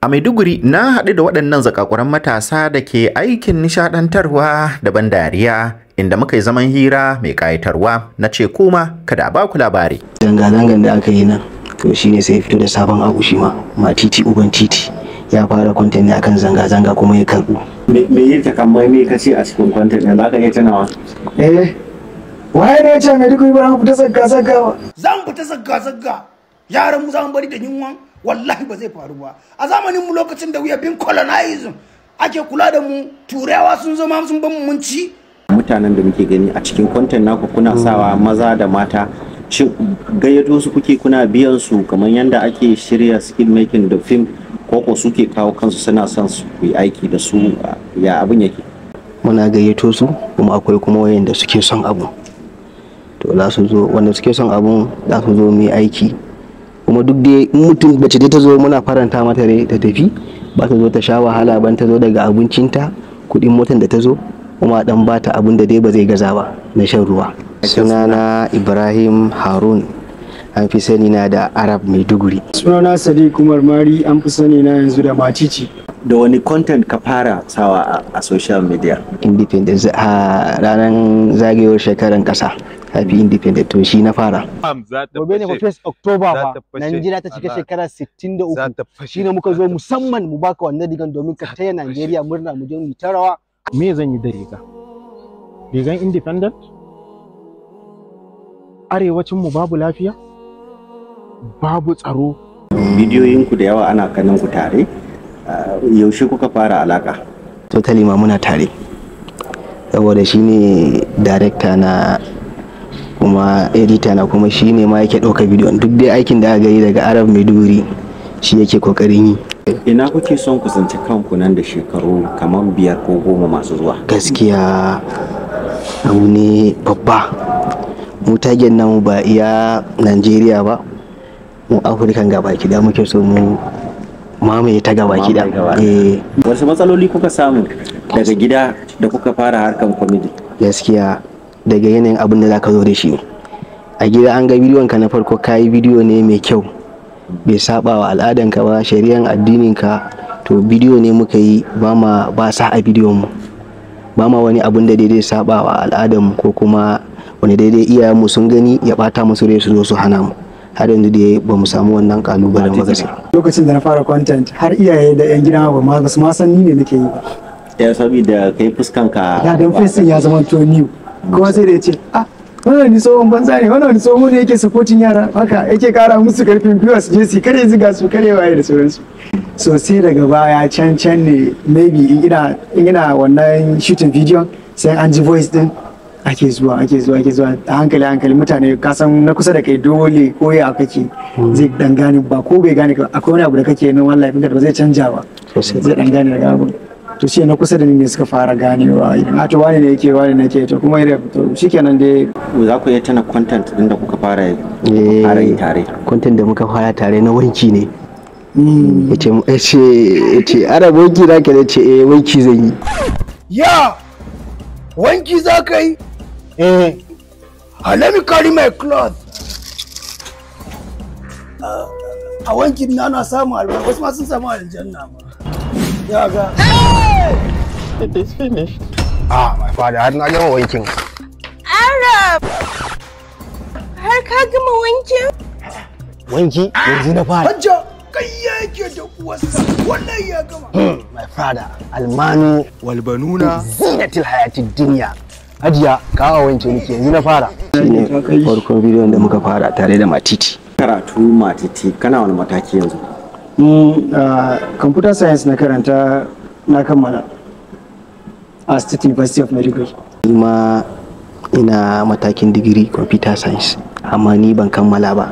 A Maiduguri na haɗu da waɗannan zakakuran matasa da ke aikin nishaɗantarwa da ban dariya inda muka yi zaman hira mai ƙayatarwa na ce kuma kada ba ku labari. Zanga-zangan da aka yi nan to ne sai fito da sabon abu shi ma ma titi uban titi ya fara kwantar ne akan zanga-zanga kuma ya karɓu. Me yi kamar me ka ce a cikin kwantar ne za ka iya tunawa? Eh, waye ne ya ce Maiduguri ba fita zagga-zagga ba? Zan fita zagga-zagga yaran mu zan bari da yunwan. wallahi ba zai faru ba a zamanin mu lokacin da wuya bin colonizing ake kula da mu turewa sun zama sun ban munci mutanen da muke gani a cikin content naku kuna sawa maza da mata gayyato su kuke kuna biyan su kamar yadda ake shirya skill making da film koko suke kawo kansu suna son su yi aiki da su ya abin yake muna gayyato su kuma akwai kuma wayanda suke son abu to za zo wanda suke son abun za su zo mu yi aiki kuma duk dai mutum bace ta zo muna faranta mata ne ta tafi ba ta zo ta sha wahala ban ta zo daga abincinta kuɗin motan da ta zo kuma dan ba ta abin da dai ba zai gaza ba na shan ruwa sunana ibrahim harun an fi sani na da arab mai maiduguri sunana sadiq kumar mari an fi sani na yanzu da macici da wani content ka fara sawa a social media independence a ranar zagayowar shekaran kasa happy independent to shi na fara gobe ne first october ba najeriya ta cika shekara 63 ne muka zo musamman mu baka wannan digan domin ka taya najeriya murna mu je mu tarawa me zan yi da riga rigan independent arewacin mu babu lafiya babu tsaro bidiyoyinku da yawa ana kanin ku tare Ah, yaushe kuka fara alaka to ma muna tare saboda shi ne darekta na kuma edita na kuma shi ne ma yake ɗauka bidiyon duk dai aikin da aka yi daga arab maiduguri shi yake kokarin yi ina kuke son ku kanku nan da shekaru kamar biyar ko goma masu zuwa gaskiya abu ne babba mu tagen namu ba iya najeriya ba mu afirkan ga baki, da muke so mu mamaye ta gaba gida eh. wasu matsaloli kuka samu daga gida da kuka fara harkan comedy gaskiya daga yanayin abin da zaka zo da shi a gida an ga bidiyon ka na farko kayi bidiyo ne mai kyau bai saba wa ka ba shari'an addinin ka to bidiyo ne muka yi ba ma ba sa a bidiyon mu ba ma wani abun da daidai saba wa al'adan mu ko kuma wani daidai iyayen mu sun gani ya bata musu rai su zo su hana mu har yanzu da ba mu samu wannan kalubalen ba gaskiya lokacin da na fara content har iyaye da yan gida ba ma su ma san ni ne nake yi ba ya saboda kai fuskanka ya dan fesin ya zama to new kuma sai da yace ah wannan ni tsohon banza ne wannan tsohon ne yake supporting yara haka yake kara musu karfin gwiwa su je su kare ziga su kare waye da sauransu so sai daga baya can can ne maybe in ina wannan shooting video sai an ji voice din ake zuwa ake zuwa ake zuwa a hankali hankali mutane ka san na kusa da kai dole ko ya kake zai dan gane ba ko bai gane ka akwai wani abu da kake na wallahi da ba zai canja ba zai dan gane daga abu to shi na kusa da ni ne suka fara ganewa a to wani ne yake wani ne yake to kuma ire to shikenan dai za ku yi tana content din da kuka fara yi tare eh, content da muka fara tare na wanki ne hmm. ya ce arab wanki za ka ce eh wanki zan yi ya wanki za ka yi Mm. Uh, let me carry my cloth. Uh, I want you to know albarka wasu ma sun samu aljanna ma. Ya Hey! It is finished. Ah, my father, har na gama wankin. Arab! Har ka gama wankin? Wanki yanzu na fara. Hajja! Kai da uwarsa, wannan ya gama. My father, almanu. Walbanuna. Zinatil hayatid dunya. ajiya ka a wance nake yanzu na fara shine farkon bidiyon da muka fara tare da matiti karatu matiti kana wani mataki yanzu computer science na karanta na kammala a state university of medical ma ina matakin digiri computer science amma ni ban kammala ba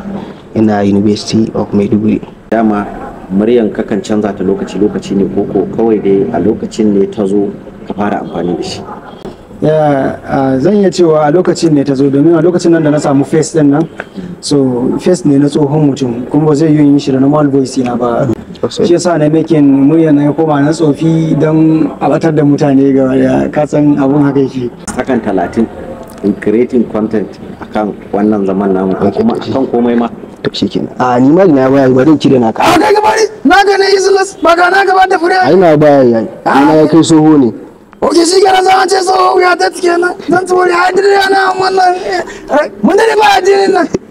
ina university of maiduguri dama muryan kakan canza ta lokaci lokaci ne koko kawai dai a lokacin ne ta zo ka fara amfani da shi zan iya cewa a lokacin ne ta zo domin a lokacin nan da na samu face din nan so face ne na tsohon mutum kuma ba zai yi yin shi da normal voice na ba shi yasa na makin murya na koma na tsofi don a batar da mutane ga katsan abun haka yake akan talatin in creating content akan wannan zaman namu ko kuma akan komai ma to shi kenan a ni ma na baya bari kire na ka a kai gaba ne na ga ne islas ba ga na gaba da fure ai na baya yayi na kai soho ne oke shi gara zama ce tsohon wuya ta cike nan zan tsori hadiri na? wannan mun da ba addinin nan